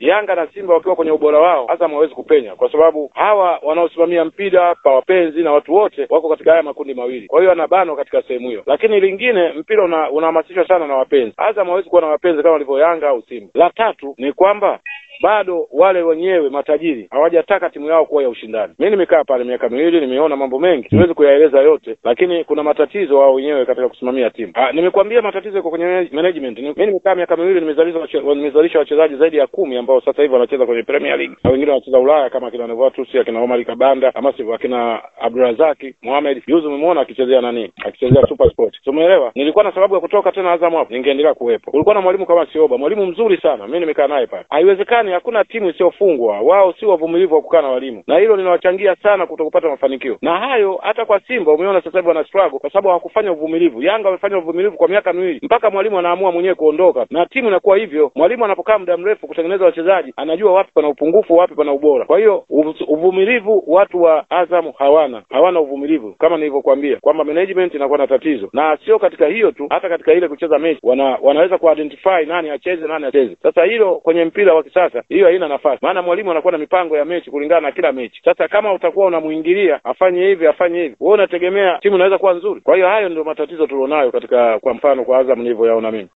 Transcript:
Yanga na Simba wakiwa kwenye ubora wao, Azam hawezi kupenya, kwa sababu hawa wanaosimamia mpira pa wapenzi na watu wote wako katika haya makundi mawili, kwa hiyo anabanwa katika sehemu hiyo. Lakini lingine, mpira unahamasishwa una sana na wapenzi. Azam hawezi kuwa na wapenzi kama walivyo Yanga au Simba. La tatu ni kwamba bado wale wenyewe matajiri hawajataka timu yao kuwa ya ushindani. Mi nimekaa pale miaka miwili, nimeona mambo mengi, siwezi kuyaeleza yote, lakini kuna matatizo wao wenyewe katika kusimamia timu. Ah, Nimekwambia matatizo yako kwenye management. Mi nimekaa miaka miwili, nimezalisha wachezaji zaidi ya kumi ambao sasa hivi wanacheza kwenye Premier League na wengine wanacheza Ulaya kama akina Novatus, akina Omari Kabanda, ama sivyo akina Abdurazaki Mohamed. Juzi umemwona akichezea nani, akichezea Super Sport, umeelewa? Nilikuwa na sababu ya kutoka tena Azam hapo, ningeendelea kuwepo. Kulikuwa na mwalimu kama Sioba, mwalimu mzuri sana, mi nimekaa naye pale. Haiwezekani Marekani hakuna timu isiyofungwa, wao si wavumilivu wa kukaa na walimu, na hilo linawachangia sana kutokupata mafanikio. Na hayo hata kwa Simba umeona sasa hivi wana struggle kwa sababu hawakufanya uvumilivu. Yanga wamefanya uvumilivu kwa miaka miwili mpaka mwalimu anaamua mwenyewe kuondoka, na timu inakuwa hivyo. Mwalimu anapokaa muda mrefu kutengeneza wachezaji, anajua wapi pana upungufu, wapi pana ubora. Kwa hiyo uvumilivu watu wa Azam hawana, hawana uvumilivu kama nilivyokuambia kwamba management inakuwa na tatizo, na sio katika hiyo tu, hata katika ile kucheza mechi wana, wanaweza kuidentify nani acheze nani acheze. Sasa hilo kwenye mpira wa kisasa kabisa, hiyo haina nafasi, maana mwalimu anakuwa na mipango ya mechi kulingana na kila mechi. Sasa kama utakuwa unamuingilia afanye hivi afanye hivi, wewe unategemea timu inaweza kuwa nzuri? Kwa hiyo hayo ndio matatizo tulionayo katika, kwa mfano kwa Azam nilivyoyaona mimi.